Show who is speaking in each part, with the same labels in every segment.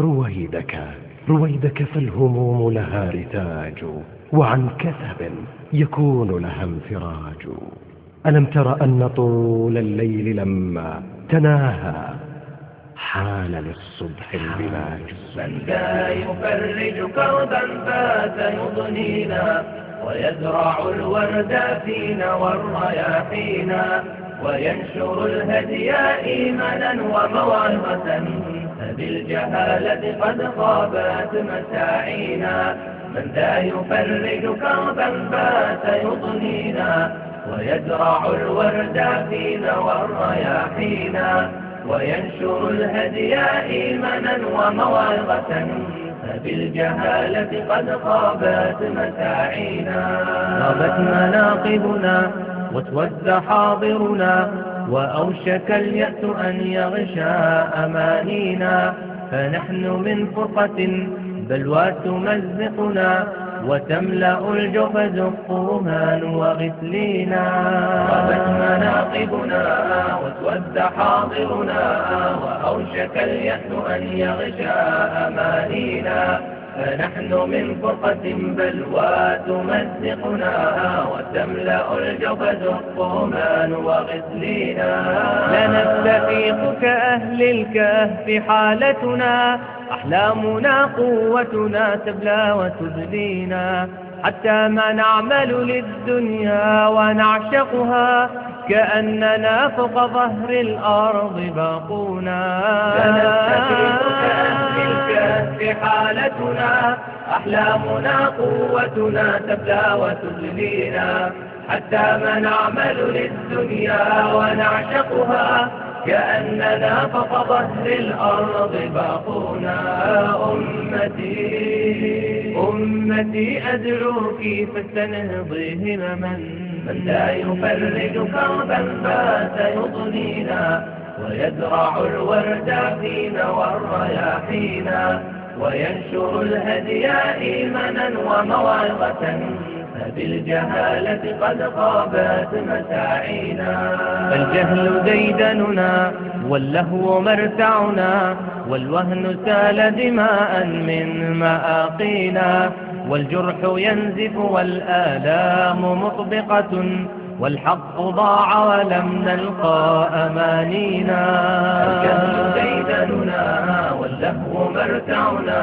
Speaker 1: رويدك رويدك فالهموم لها رتاج وعن كثب يكون لها انفراج ألم تر أن طول الليل لما تناهى حال للصبح البلاج من ذا يفرج كربا فات يضنينا ويزرع الورد فينا والرياحينا وينشر الهدي إيمانا وموعظة فبالجهالة قد خابت مساعينا من ذا يفرج كربا بات يطنينا ويزرع الورد فينا والرياحينا وينشر الهدي إيمانا وموعظة فبالجهالة قد خابت مساعينا غابت مناقبنا وتوز حاضرنا وأوشك اليأس خشيت أن يغشى أمانينا فنحن من فرقة بلوى تمزقنا وتملأ الجفز الطهان وغسلينا غابت مناقبنا واسود حاضرنا وأوشك اليأس أن يغشى أمانينا فنحن من فرقة بلوى تمزقنا وتملأ الجبد الطومان وغسلينا لنستفيق كأهل الكهف حالتنا أحلامنا قوتنا تبلى وتبلينا حتى ما نعمل للدنيا ونعشقها كأننا فوق ظهر الأرض باقونا سنستفيق كأهل حالتنا أحلامنا قوتنا تبلى وتغنينا حتى ما نعمل للدنيا ونعشقها كأننا فوق ظهر الأرض باقونا أمتي أمتي أدعوك فاستنهضي همما من لا يفرج كربا بات يطنينا ويزرع الورد فينا والرياحينا وينشر الهدي إيمانا وموعظة بالجهالة قد غابت مساعينا الجهل ديدننا واللهو مرتعنا والوهن سال دماء من مآقينا والجرح ينزف والآلام مطبقة والحق ضاع ولم نلقى أمانينا الكذب ديدننا واللهو مرتعنا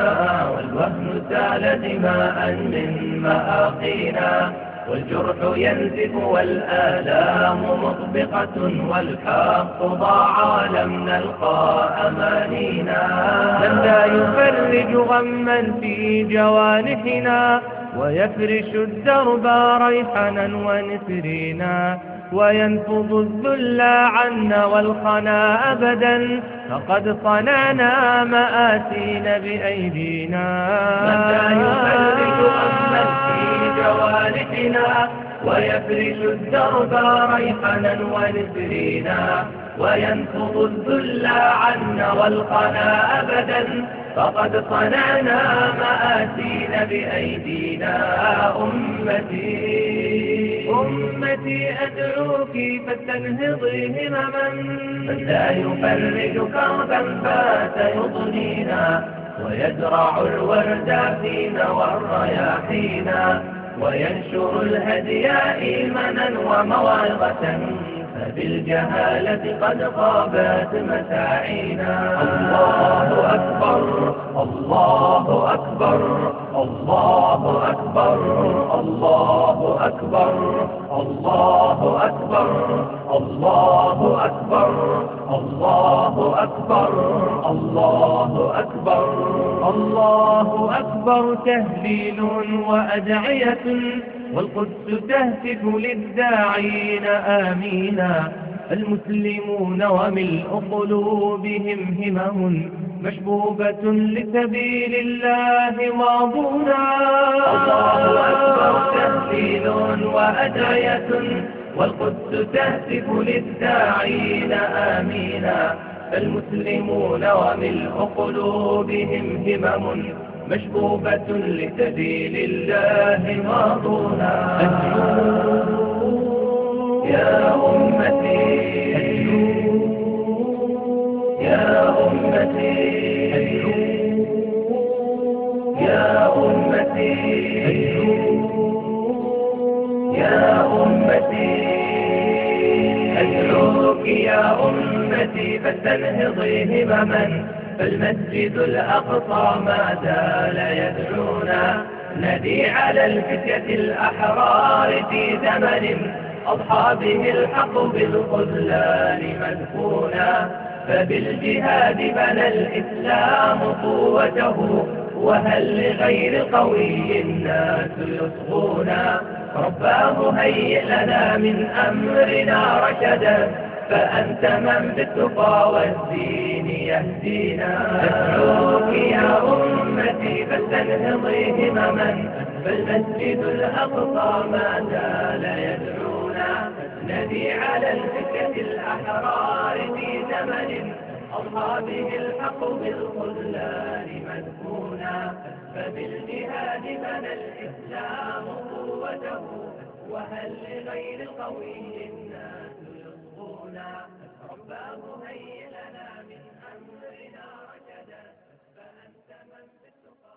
Speaker 1: والوهن سال دماء من مآقينا والجرح ينزف والآلام مطبقة والحق ضاع ولم نلقى أمانينا من لا يفرج غما في جوانحنا ويفرش الدرب ريحنا ونسرينا وينفض الذل عنا والخنا أبدا فقد صنعنا ماسينا بأيدينا من لا يفرج في جوارحنا ويفرش الدرب ريحنا ونسرينا وينفض الذل عنا والقنا أبدا فقد صنعنا مآسينا بأيدينا أمتي أمتي أدعوك فاستنهضي همما من لا يفرج كربا فات يضنينا ويزرع الورد فينا والرياحينا وينشر الهدياء إيمانا وموعظة فبالجهالة قد غابت مساعينا الله أكبر الله أكبر الله أكبر الله أكبر الله أكبر الله أكبر الله أكبر الله أكبر والله أكبر تهليل وأدعية والقدس تهتف للداعين آمينا المسلمون وملء قلوبهم همم مشبوبة لسبيل الله ماضونا الله أكبر تهليل وأدعية والقدس تهتف للداعين آمينا فالمسلمون وملء قلوبهم همم مشبوبة لسبيل الله ماضونا يا أمتي يا أمتي يا أمتي يا أمتي يا أمتي فاستنهضي همما فالمسجد الأقصى ما زال يدعونا نبي على الفتية الأحرار في زمن أضحى به الحق بالخذلان مدفونا فبالجهاد بنى الإسلام قوته وهل لغير قوي الناس يصغونا رباه هيئ لنا من أمرنا رشدا فأنت من بالتقى والدين يهدينا أدعوك يا أمتي فلتنهضي همما فالمسجد الأقصى ما زال يدعونا نبي على الفكرة الأحرار في زمن أضحى به الحق بالخلان مدفونا فبالجهاد بنى الإسلام قوته وهل لغير قوي الناس لنا رباه هيئ لنا من أمرنا رشدا فأنت من بالتقى